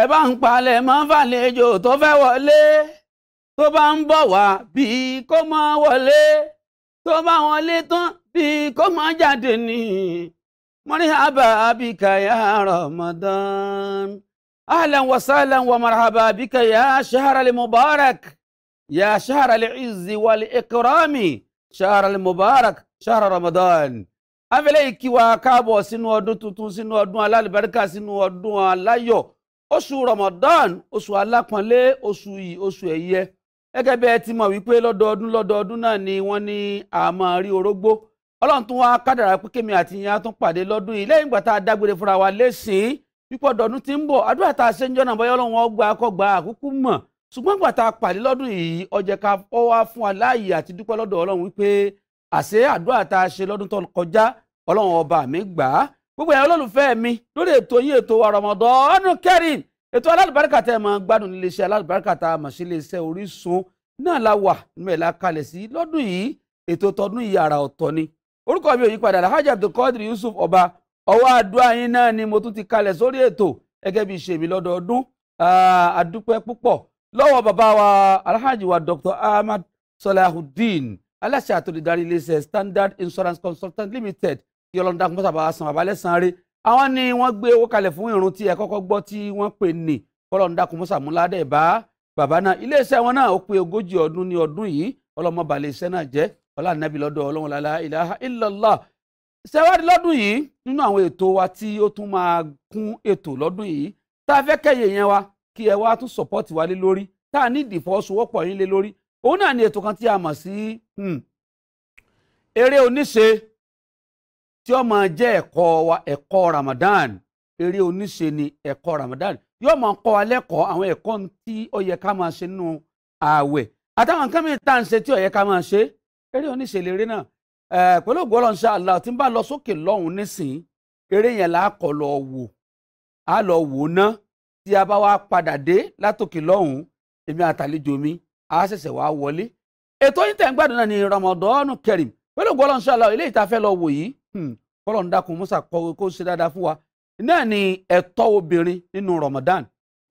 ẹ bá ń palẹ̀ mọ́ fàlejò tó fẹ́ wọlé tó bá ń bọ̀ wá bí kó má wọlé tó bá wọlé tán bí kó má jáde ní mọ́ríhábà bíkà Ramadan ahlan wa sahlan wa marhaba bika ya yá al mubarak ya yá shahral izzi al ikrami al mubarak shahra Ramadan afẹ́lẹ́ ìkíwa káàbọ̀ sínú ọdún tuntun sínú ọdún alálùbáríkà sínú ọdún aláyọ̀ oṣù Ramadan oṣù alápọ̀nlé oṣù yìí oṣù ẹ̀yẹ gẹ́gẹ́ bí ẹ ti mọ̀ wípé lọ́dọọdún lọ́dọọdún náà ni wọ́n ní àmọ rí orógbó Ọlọ́run tún wá kádàrá pé kémi àti ìyá tún pàdé lọ́dún yìí lẹ́yìn ìgbà tá a dágbére fúnra wa lẹ́sìn pípọ̀ dọ̀dún ti ń bọ̀ àdúrà tá a ṣe ń jọ́nà bọ́yọ́ Ọlọ́run ọgbà akọgbà àkúkú mọ̀ ṣùgbọ́n ìgbà tá a pàdé lọ́dún yìí ó jẹ́ ká ọ wá fún wa láàyè àti dúpẹ́ lọ́dọ̀ Ọlọ́run wípé àṣẹ àdúrà tá a ṣe lọ́dún tó kọjá Ọlọ́run ọba mi gbà á gbogbo ẹ̀yà olólùfẹ́ mi lórí ètò yín ètò wa Ramadan Kareem ètò alálùbáríkà tẹ́ ẹ máa ń gbádùn nílé iṣẹ́ alálùbáríkà tá a Orísun náà la wà nínú ẹ̀ la kalẹ̀ sí lọ́dún yìí ètò tọdún yìí àrà ọ̀tọ̀ ni orúkọ mi ò yípadà Alhaji Abdulkadir Yusuf Ọba ọwọ́ àdúrà yín náà ni mo tún ti kalẹ̀ sórí ètò gẹ́gẹ́ bí ìṣe mi lọ́dọọdún àdúpẹ́ púpọ̀ lọ́wọ́ bàbá wa Alhaji wa Dr. Ahmad Salahuddin aláṣẹ àtòlùdarí iléeṣẹ́ Standard Insurance Consultant Limited kí ọlọ́run dákun bọ́sà bá san àbálẹ̀ san rí àwọn ni wọ́n gbé owó kalẹ̀ fún ìrun tí ẹ kọ́kọ́ gbọ́ tí wọ́n pè ní kọ́lọ́run dákun bọ́sà múládẹ́ bá bàbá náà iléeṣẹ́ wọn náà ó pé ogójì ọdún ní ọdún yìí ọlọ́mọ balẹ̀ iṣẹ́ náà jẹ́ ọlá nàbí lọ́dọ̀ ọlọ́run lálá ilaha illallah ṣẹ́wádìí lọ́dún yìí nínú àwọn ètò wa tí ó tún máa kún ètò lọ́dún yìí tá a fẹ́ kẹ́yẹ yẹn wa kí ẹ wá tún sọ́pọ́ọ̀tì wa lé lórí tá a ní ìdìfọwọ́sowọ́pọ̀ yín lé lórí òun náà ni ètò kan tí a mọ̀ sí hmm, eré oníṣe tí ó máa jẹ́ ẹ̀kọ́ wa ẹ̀kọ́ Ramadan eré oníṣe ni ẹ̀kọ́ Ramadan yóò máa kọ́ wa lẹ́kọ̀ọ́ àwọn ẹ̀kọ́ tí ó yẹ ká máa ṣe nínú ààwẹ̀ àtàwọn nǹkan mìíràn tá à ń ṣe tí ó yẹ ká máa ṣe eré oníṣe lè rí náà pẹ̀lú ògbó ọlọ́run ṣe àlá tí ń bá lọ sókè lọ́hùn nísìn eré yẹn là á kọ́ lọ wò á lọ wò ná tí a bá wá padà dé látòkè lọ́hùn èmi àtàlejò mi á ṣẹ̀ṣẹ̀ wá wọlé ètò yìí tẹ̀ ń gbádùn náà ní Ramadan Kareem pẹ̀lú ògbó ọlọ́run ṣe àlá ilé ìtafẹ́ lọ wò yìí Hmm. kọ́lọ́n dákun musa kọ́wé kó ṣe dáadáa fún wa náà ni ẹ̀tọ́ obìnrin nínú Ramadan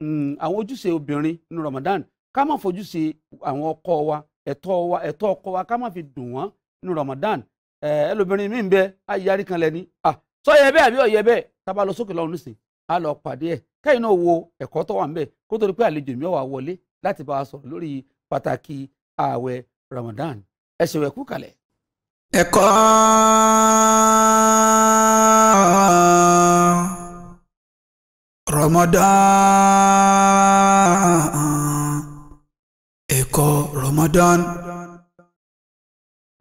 hmm. àwọn ojúṣe obìnrin nínú Ramadan ká má fojúṣe àwọn ọkọ wa ẹ̀tọ́ wa ẹ̀tọ́ ọkọ wa ká má fi dùn wọ́n nínú Ramadan ẹlòmíràn mi ń bẹ ayárí kan lẹni sọ yẹ bẹ́ẹ̀ àbí ọ̀yẹ bẹ́ẹ̀ tábà lọ sókè lọ́run nísìn á lọ pàdé ẹ̀ kẹ́yìn náà wo ẹ̀kọ́ tó wà ń bẹ̀ kó tó di pé àlejò mi wà wọlé láti bá a sọ̀rọ̀ lórí pàtàkì ààwẹ̀ Ramadan ẹ ṣèwẹ̀kú kalẹ̀ ẹ̀kọ́ Ramadan ẹ̀kọ́ Ramadan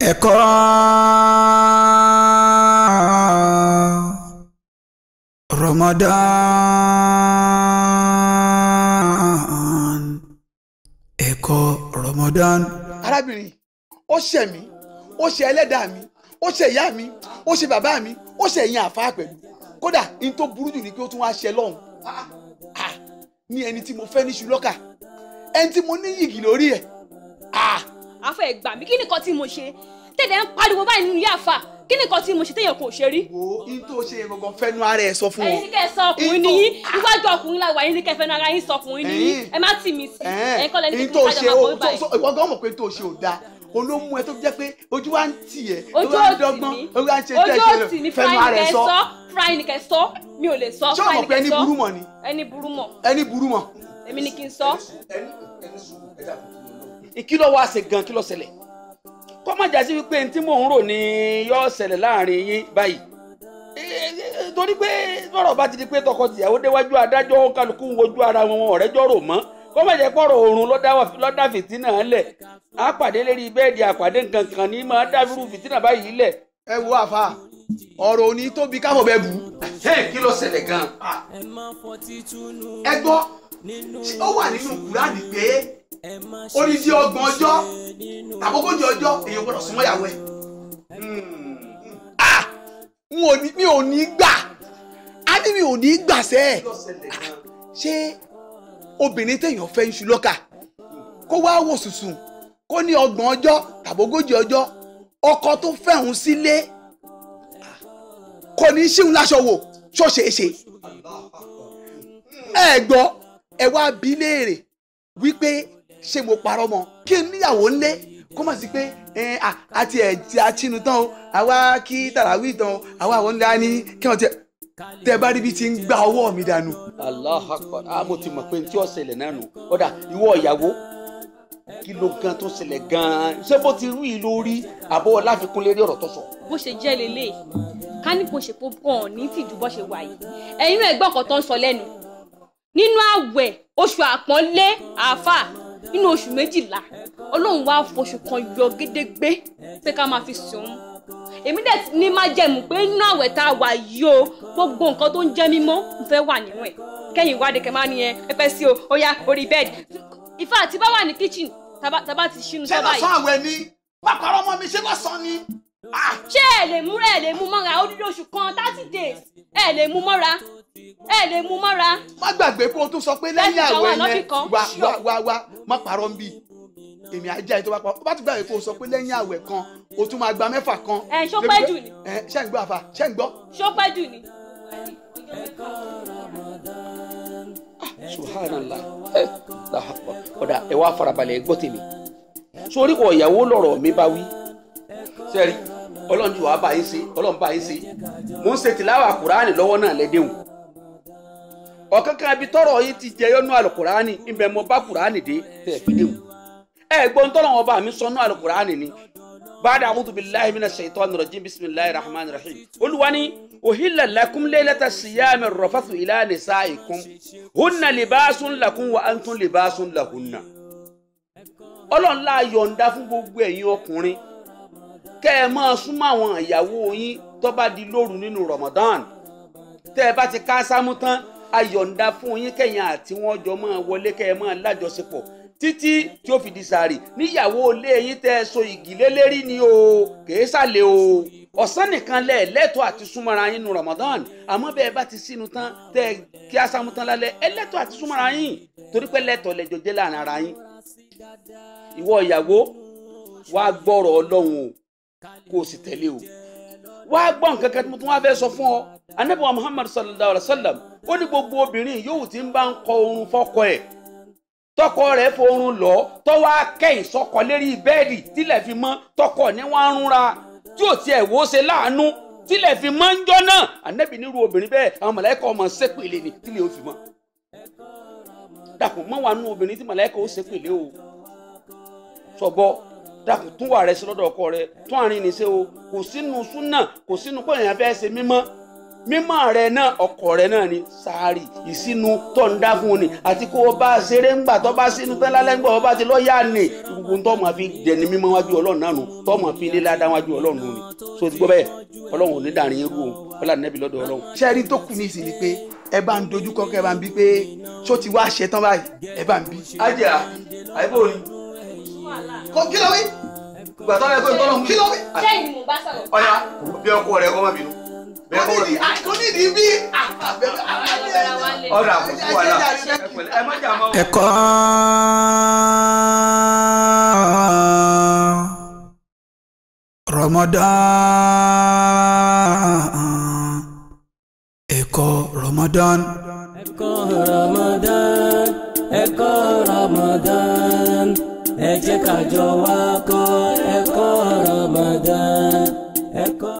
ẹ̀kọ́ Ramadan ẹ̀kọ́ Ramadan. arábìnrin ó ṣẹ̀mí ó ṣe ẹlẹ́dàá mi ó ṣe ìyá mi ó ṣe bàbá mi ó ṣe ẹ̀yin àfáà pẹ̀lú kódà n tó burú jù ni pé ó tún wá ṣe lọ́hùn ní ẹni tí mo fẹ́ ní ṣùlọ́kà ẹni tí mo ní yìgì lórí ẹ̀. àfọ ẹgbà mi kí nìkan tí mo ṣe tẹ̀lé ń pariwo báyìí nínú ilé àfà kí nìkan tí mo ṣe téèyàn kò ṣe rí. wo n tó ṣe yẹn fẹnu ara ẹ sọ fún wọn. ẹ̀yin ní sọ ọkùnrin nìyí la wà yín ní kẹ́ fẹnu ara yín sọ ọkùnrin olómú ẹ tó jẹ́ pé ojú wa ń tì ẹ ojú òtì mi ojú òtì mi fúráì nìkẹ́ sọ fúráì nìkẹ́ sọ mi ò lè sọ fúráì nìkẹ́ sọ ṣé ọmọ pé ẹni burú mọ ni ẹni burú mọ ẹni burú mọ èmi ni kí n sọ. ìkìlọ̀ wa ṣe gan kí ló ṣẹlẹ̀ kó má jà sí wípé ní tí mò ń rò ní yóò ṣẹlẹ̀ láàrin yín báyìí torí pé lọ́rọ̀ bá ti di pé tọkọ tìyàwó déwájú adájọ́ kálukú wojú ara wọn ọ̀rẹ́jọ́ rò mọ́ kó má jẹ́ pọ̀rọ̀ oorun lọ́dà fìtínà lẹ̀ á pàdé lérí bẹ́ẹ̀dì àpàdé nǹkan kan ní máa dá irú fìtínà báyìí lẹ̀. ẹ wo àfa ọ̀rọ̀ òní tóbi káfọ̀ bẹ́ẹ̀ bù. kí ló ṣẹlẹ̀ gan-an. ẹ gbọ́ ó wà nínú kúránì pé odidi ọgbọ̀n ọjọ́ àkókòjì ọjọ́ èèyàn gbọ́dọ̀ súnmọ́ ìyàwó ẹ̀. mi ò ní gbà á ní mi ò ní gbà sẹ́ẹ̀ ṣé obìnrin téèyàn fẹ́ ń ṣu lọ́kà kó wá wò sùsùn kó ní ọgbọ̀n ọjọ́ tàbógójì ọjọ́ ọkọ tó fẹ̀hún sílé kò ní ṣíun láṣọ wò ṣọ́ṣeéṣe ẹ gbọ́ ẹ wá bí léèrè wípé ṣé mo parọ́ mọ́ kí n níyàwó ńlé kó má sí pé àti ẹ̀ ti àtinú tán o àwa kí tàràwí tán o àwa àwọn ńlá ni kí wọ́n ti tẹ bá ríbi tí ń gba ọwọ́ mi dànù. Allahu Akbar a ah, mo ti mọ̀ pé tí ó ṣẹlẹ̀ náà nù ọ̀dà ìwọ ìyàwó kí ló gan tó ṣẹlẹ̀ gan-an ṣé bó ti rú yìí lórí àbọ̀ láfikún lérí ọ̀rọ̀ tó sọ. bó ṣe jẹ́ lélẹ̀ ká ní kò ṣe pé kàn ní tìjú bó ṣe wà yìí ẹ̀yin náà ẹgbọ́n kan tó ń sọ lẹ́nu nínú àwẹ̀ oṣù àpọ́nlé àáfà nínú oṣù méjìlá ọlọ́run wá foṣù kan yọ gédégbé pé ká máa fi sùn èmi dẹ̀ ní má jẹ̀mú pé nínú àwẹ̀ tá a wà yìí o gbogbo nǹkan tó ń jẹ́ mímọ́ ń fẹ́ wà nínú ẹ̀ kẹ́yìn ìwádìí kẹ́ máa nìyẹn pẹ́pẹ́ sí o ó orí bẹ́ẹ̀dì ìfà tí bá wà ní kitchen tábà ti ṣínú sábà yìí. ṣé lọ́sàn-án àwẹ̀ ni pàpàrọ̀ ọmọ mi ṣé lọ́sàn-án ni. Ah! ṣé ẹ lè mú ẹ lè mú mọ́ra ó oṣù kan thirty days ẹ lè mú mọ́ra ẹ lè mú mọ́ra. má gbàgbé bó o tún sọ pé lẹ́yìn àwẹ̀ yẹn wà wà wà má parọ́ ń bì èmi àjẹ́ àyè tó bá pa ó bá ti gbà wípé o sọ pé lẹ́yìn àwẹ̀ kan o tún máa gba mẹ́fà kan. ẹ eh, ṣó pẹ́ jù ni. ẹ ṣe ń gbọ́ àfà ṣe ń gbọ́. ṣó pẹ́ jù ni. Ah, subhanallah ẹ eh, ọ̀dà ẹ wá farabalẹ̀ gbọ́ tèmi sórí kọ ìyàwó lọ̀rọ̀ mi bá wí sẹ́rí ọlọ́run ti wà bá yín sí ọlọ́run bá yín sí mò ń ṣe tìláwà kùránì lọ́wọ́ náà lẹ́dẹ̀wò ọ̀kankan ibi tọ́rọ̀ yìí ti jẹyọ́nú àlùkùránì ìbẹ̀mọ̀ bá kùránì dé tẹ̀ fi dẹ̀wò ẹ gbọ́n tọ́lọ̀ wọn bá mi sọ ní alukur'ani ni bada ahudu bilahi mina shaitan nira jim bisimilahi rahman rahim olùwani ohila lakum leelata siyami rọfatu ila nisaikum hunna libaasun lakum wa antun libaasun lahunna ọlọ́run la yọ̀ǹda fún gbogbo ẹ̀yin ọkùnrin kẹ́ ẹ máa súnmọ́ àwọn ìyàwó yín tó di lóru nínú Ramadan tẹ́ ti ká sámú tán a fún yín kẹ́yìn àti wọ́n jọ máa wọlé kẹ́ ẹ títí tí ó fi di sàárì níyàwó ilé yín tẹ́ so igi lélẹ́rí ni o kèé sàlẹ̀ o ọ̀sán nìkan lẹ̀ lẹ́tọ̀ọ́ àti súnmọ́ra yín nu Ramadan àmọ́ bẹ́ẹ̀ bá ti sínú tán tẹ́ ẹ kí asámu tán lálẹ́ ẹ lẹ́tọ̀ọ́ àti súnmọ́ra yín torí pé lẹ́tọ̀ọ́ lẹ́jọ́ jẹ́ láàrin ara yín ìwọ ìyàwó wá gbọ́rọ̀ Ọlọ́run o kó o sì tẹ̀lé o wá gbọ́ nǹkan kan tí mo tún wá fẹ́ sọ fún ọ anábìwá Muhammad sallallahu Alaihi wa sallam ó ní gbogbo obìnrin yòówù tí ń bá ń kọ oorun fọ́kọ ẹ̀ tọkọ rẹ̀ forun lọ tọwọ akẹyìn sọkọ lérí bẹ́ẹ̀dì tílẹ̀ fi mọ́ tọkọ ní wọn rúnra tí ò tiẹ̀ wò ó ṣe láàánú tílẹ̀ fi mọ́ ń jọ náà ànẹ́bí nírú obìnrin bẹ́ẹ̀ àwọn mọ̀lẹ́kà ọmọ sẹ́pẹ̀lẹ̀ ni tílẹ̀ ó fi mọ́ dàpọ̀ mọ́ wà nú obìnrin tí mọ̀lẹ́kà ó sẹ́pẹ̀lẹ̀ o sọ̀bọ dàpọ̀ tún wà rẹ sí lọ́dọ̀ ọkọ rẹ tún àárín ní ṣe kò sínú súnà kò sínú pé èèyàn fẹ́ ṣe mímọ́ mímọ̀ rẹ náà ọkọ rẹ náà ni sáárì ìsinu tó ń dá fún un ni àti kó o bá ṣeré ńgbà tó bá sínú tán lálẹ́ ńgbà o bá ti lọ́ọ́yà ni gbogbo tó máa fi dẹni mímọ́ wájú ọlọ́run náà nù tó máa fi lé ládá wájú ọlọ́run nù ni so ti gbọ́ bẹ́ẹ̀ ọlọ́run ò ní dàrin yín o ọlá nẹ́bí lọ́dọ̀ ọlọ́run. sẹ́ẹ̀rí tó kù ní ìsìn ni pé ẹ bá ń dojú kọ kẹ bá ń bí pé ṣó ti wá ṣe tán báyìí ẹ bá ń bí. ajá àìbò ni kò kí lọ wí gbàtọ́ rẹ pé ìtọ́lọ́mù kí lọ wí. ṣé ìmú bá sọ̀rọ̀. ọ̀ya bí ọkọ rẹ kọ́ má bínú ọ̀rọ̀ àkókò wa la ẹ má jà máa. ẹ̀kọ́ Ramadan ẹ̀kọ́ Ramadan. ẹ̀kọ́ Ramadan ẹ̀kọ́ Ramadan ẹ jẹ́ wá kọ́ ẹ̀kọ́ Ramadan.